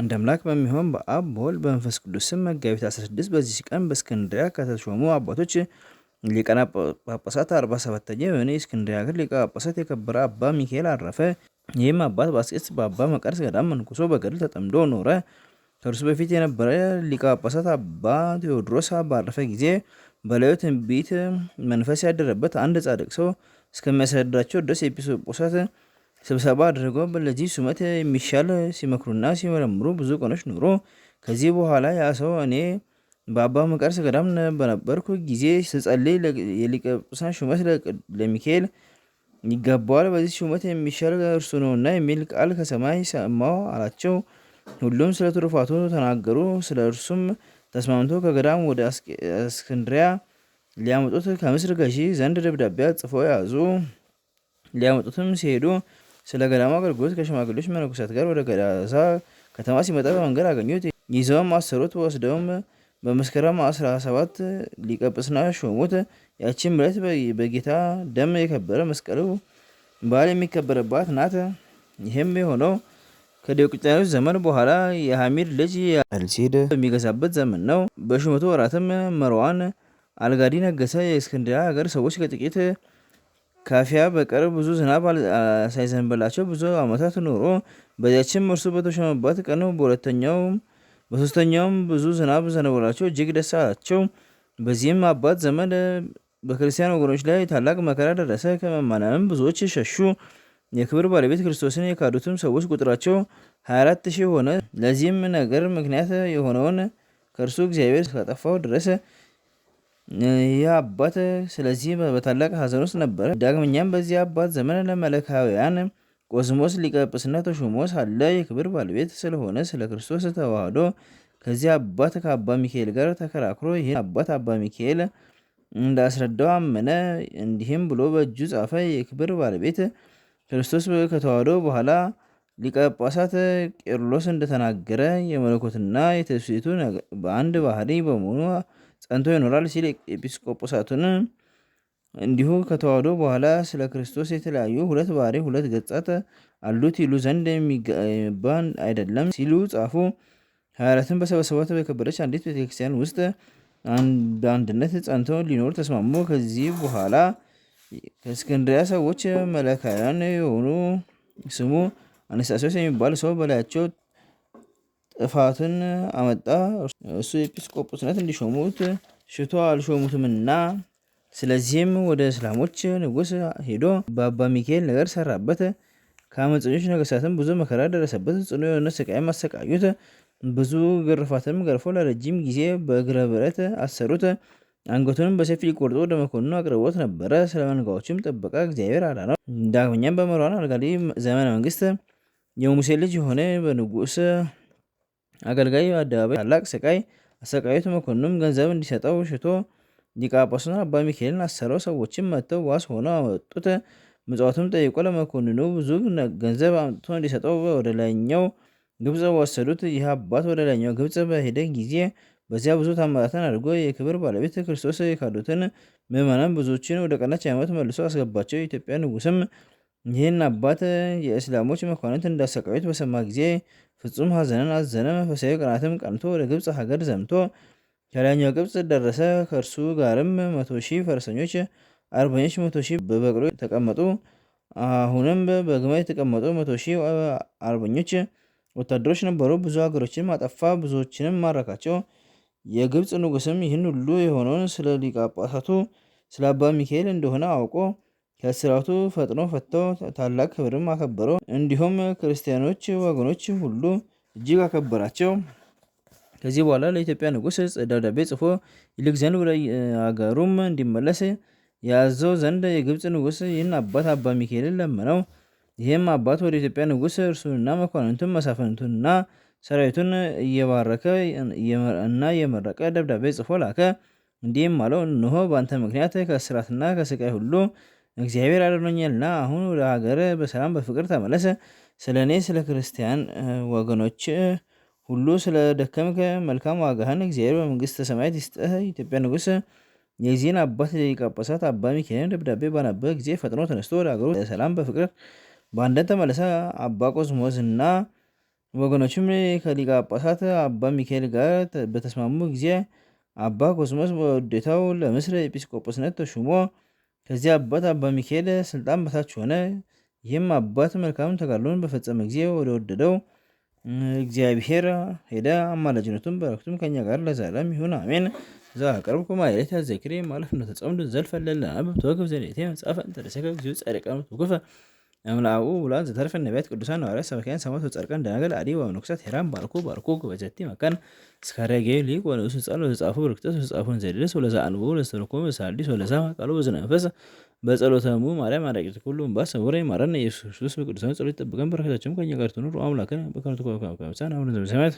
አንድ አምላክ በሚሆን በአብ በወልድ በመንፈስ ቅዱስ ስም መጋቢት 16 በዚህ ቀን በእስክንድሪያ ከተሾሙ አባቶች ሊቃነ ጳጳሳት 47ኛ የሆነ የእስክንድሪያ ሀገር ሊቀ ጳጳሳት የከበረ አባ ሚካኤል አረፈ። ይህም አባት በአስቄት በአባ መቃርስ ገዳም መንኩሶ በገድል ተጠምዶ ኖረ። ከእርሱ በፊት የነበረ ሊቀ ጳጳሳት አባ ቴዎድሮስ ባረፈ ጊዜ በላዩ ትንቢት መንፈስ ያደረበት አንድ ጻድቅ ሰው እስከሚያሳድራቸው ድረስ ኤጲስ ቆጶሳት ስብሰባ አድርገው ለዚህ ሹመት የሚሻል ሲመክሩና ሲመረምሩ ብዙ ቀኖች ኖሮ ከዚህ በኋላ ያ ሰው እኔ በአባ መቃርስ ገዳም በነበርኩ ጊዜ ስጸልይ የሊቀ ሹመት ለሚካኤል ይገባዋል፣ በዚህ ሹመት የሚሻል እርሱ ነውና የሚል ቃል ከሰማይ ሰማው አላቸው። ሁሉም ስለ ትሩፋቱ ተናገሩ። ስለ እርሱም ተስማምቶ ከገዳም ወደ እስክንድሪያ ሊያመጡት ከምስር ገዢ ዘንድ ደብዳቤ ጽፎ ያዙ። ሊያመጡትም ሲሄዱ ስለ ገዳሙ አገልግሎት ከሽማግሌዎች መነኮሳት ጋር ወደ ገዳሳ ከተማ ሲመጣ በመንገድ አገኙት። ይዘውም አሰሩት። ወስደውም በመስከረም 17 ሊቀጵስና ሾሙት። ያችን ዕለት በጌታ ደም የከበረ መስቀሉ በዓል የሚከበረባት ናት። ይህም የሆነው ከዲዮቅልጥያኖስ ዘመን በኋላ የሐሚድ ልጅ አልሲድ በሚገዛበት ዘመን ነው። በሹመቱ ወራትም መርዋን አልጋዲ ነገሰ። የእስክንድርያ ሀገር ሰዎች ከጥቂት ካፊያ በቀር ብዙ ዝናብ ሳይዘንበላቸው ብዙ ዓመታት ኖሮ፣ በዚያችም እርሱ በተሾመባት ቀን በሁለተኛውም በሶስተኛውም ብዙ ዝናብ ዘነበላቸው፣ እጅግ ደስ አላቸው። በዚህም አባት ዘመን በክርስቲያን ወገኖች ላይ ታላቅ መከራ ደረሰ። ከመማናንም ብዙዎች ሸሹ። የክብር ባለቤት ክርስቶስን የካዱትም ሰዎች ቁጥራቸው 24 ሺህ ሆነ። ለዚህም ነገር ምክንያት የሆነውን ከእርሱ እግዚአብሔር እስካጠፋው ድረስ ይህ አባት ስለዚህ በታላቅ ሐዘን ውስጥ ነበረ። ዳግመኛም በዚህ አባት ዘመን ለመለካውያን ቆስሞስ ሊቀ ጵጵስና ተሾሞ ሳለ የክብር ባለቤት ስለሆነ ስለ ክርስቶስ ተዋህዶ ከዚህ አባት ከአባ ሚካኤል ጋር ተከራክሮ ይህ አባት አባ ሚካኤል እንዳስረዳው አመነ። እንዲህም ብሎ በእጁ ጻፈ። የክብር ባለቤት ክርስቶስ ከተዋህዶ በኋላ ሊቀ ጳጳሳት ቄርሎስ እንደተናገረ የመለኮትና የትስብእቱ በአንድ ባህሪ በመሆኑ ጸንቶ ይኖራል ሲል ኤጲስቆጶሳቱን እንዲሁ ከተዋህዶ በኋላ ስለ ክርስቶስ የተለያዩ ሁለት ባህሪ ሁለት ገጻት አሉት ይሉ ዘንድ የሚገባ አይደለም ሲሉ ጻፉ። ሀያ አራትን በሰበሰባት በከበረች አንዲት ቤተክርስቲያን ውስጥ በአንድነት ጸንቶ ሊኖር ተስማሙ። ከዚህ በኋላ ከእስክንድሪያ ሰዎች መለካያን የሆኑ ስሙ አነስታሲዎስ የሚባል ሰው በላያቸው ጥፋትን አመጣ። እሱ ኤጲስቆጶስነት እንዲሾሙት ሽቶ አልሾሙትምና፣ ስለዚህም ወደ እስላሞች ንጉስ ሄዶ በአባ ሚካኤል ነገር ሰራበት። ከአመፀኞች ነገስታትም ብዙ መከራ ደረሰበት። ጽኑ የሆነ ስቃይም አሰቃዩት። ብዙ ግርፋትም ገርፎ ለረጅም ጊዜ በእግረ ብረት አሰሩት። አንገቱንም በሰፊ ቆርጦ ወደ መኮንኑ አቅርቦት ነበረ። ስለ መንጋዎችም ጥበቃ እግዚአብሔር አዳነው። ዳግመኛም በመርዋን አልጋሊ ዘመነ መንግስት የሙሴ ልጅ የሆነ በንጉስ አገልጋዩ አደባባይ ታላቅ ስቃይ አሰቃዩት። መኮንኑም ገንዘብ እንዲሰጠው ሽቶ ሊቃጳሱን አባ ሚካኤልን አሰረው። ሰዎችም መጥተው ዋስ ሆነው አመጡት። ምጽዋቱም ጠይቆ ለመኮንኑ ብዙ ገንዘብ አምጥቶ እንዲሰጠው ወደ ላይኛው ግብፅ ወሰዱት። ይህ አባት ወደ ላይኛው ግብፅ በሄደ ጊዜ በዚያ ብዙ ታምራትን አድርጎ የክብር ባለቤት ክርስቶስ የካዱትን ምዕመናን ብዙዎችን ወደ ቀናች ሃይማኖት መልሶ አስገባቸው። የኢትዮጵያ ንጉስም ይህን አባት የእስላሞች መኳንንት እንዳሰቃዩት በሰማ ጊዜ ፍጹም ሐዘንን አዘነ። መንፈሳዊ ቅናትም ቀንቶ ወደ ግብፅ ሀገር ዘምቶ ከላይኛው ግብፅ ደረሰ። ከእርሱ ጋርም መቶ ሺህ ፈረሰኞች፣ አርበኞች መቶ ሺህ በበቅሎ ተቀመጡ። አሁንም በግመል የተቀመጡ መቶ ሺህ አርበኞች ወታደሮች ነበሩ። ብዙ ሀገሮችን አጠፋ፣ ብዙዎችንም ማረካቸው። የግብፅ ንጉስም ይህን ሁሉ የሆነውን ስለ ሊቀ ጳጳሳቱ ስለ አባ ሚካኤል እንደሆነ አውቆ ከእስራቱ ፈጥኖ ፈቶ ታላቅ ክብርም አከበረው። እንዲሁም ክርስቲያኖች ወገኖች ሁሉ እጅግ አከበራቸው። ከዚህ በኋላ ለኢትዮጵያ ንጉሥ ደብዳቤ ጽፎ ይልክ ዘንድ ወደ አገሩም እንዲመለስ ያዘው ዘንድ የግብፅ ንጉሥ ይህን አባት አባ ሚካኤልን ለመነው። ይህም አባት ወደ ኢትዮጵያ ንጉሥ እርሱንና መኳንንቱን መሳፍንቱንና ሰራዊቱን እየባረከ እና እየመረቀ ደብዳቤ ጽፎ ላከ። እንዲህም አለው፣ እንሆ በአንተ ምክንያት ከእስራትና ከስቃይ ሁሉ እግዚአብሔር አድኖኛልና አሁን ወደ ሀገር በሰላም በፍቅር ተመለሰ ስለ እኔ ስለ ክርስቲያን ወገኖች ሁሉ ስለ ደከምክ መልካም ዋጋህን እግዚአብሔር በመንግሥተ ሰማያት ይስጥህ። ኢትዮጵያ ንጉስ የዚህን አባት ሊቀ ጳጳሳት አባ ሚካኤልን ደብዳቤ ባነበ ጊዜ ፈጥኖ ተነስቶ ወደ ሀገሩ በሰላም በፍቅር በአንድነት ተመለሰ። አባ ቆዝሞዝ እና ወገኖችም ከሊቀ ጳጳሳት አባ ሚካኤል ጋር በተስማሙ ጊዜ አባ ኮስሞስ በውዴታው ለምስር ኤጲስቆጶስነት ተሹሞ ከዚህ አባት አባ ሚካኤል ስልጣን በታች ሆነ። ይህም አባት መልካም ተጋድሎን በፈጸመ ጊዜ ወደ ወደደው እግዚአብሔር ሄደ። አማላጅነቱን በረከቱም ከኛ ጋር ለዘላለም ይሁን አሜን። እዛ አቅርብ ኩማሌት ያዘክሬ ማለፍ ነው ተጸምዱ ዘልፈለለ አብብ ተወግብ ዘኔቴ መጽሐፈ እንተደሰከ ጊዜ ጸሪቃ ነው ተጎፈ አምላኡ ውላን ዘተርፈን ነቢያት ቅዱሳን ሐዋርያት ሰበካያን ሰማዕታት ወጻድቃን ደናግል አዲ ወመነኮሳት ሄራን ባርኩ ባርኩ በጀቲ መካን እስካረገ ሊቅ ወንሱ ጻሎ ዘጻፉ ብርክተት ዘጻፉን ዘድልስ ወለዛ አንቦ ለስተርኮም ሳዲስ ወለዛ ቃሉ በዝነ መንፈስ በጸሎተሙ ማርያም አዳቂት ሁሉ እንባ ሰውረ ማረን ኢየሱስ ክርስቶስ በቅዱሳን ጸሎት ይጠብቀን። በረከታቸውም ከኛ ጋር ትኑር። አምላክን በከንቱ ኮካምሳን አሁን ዘበሰማያት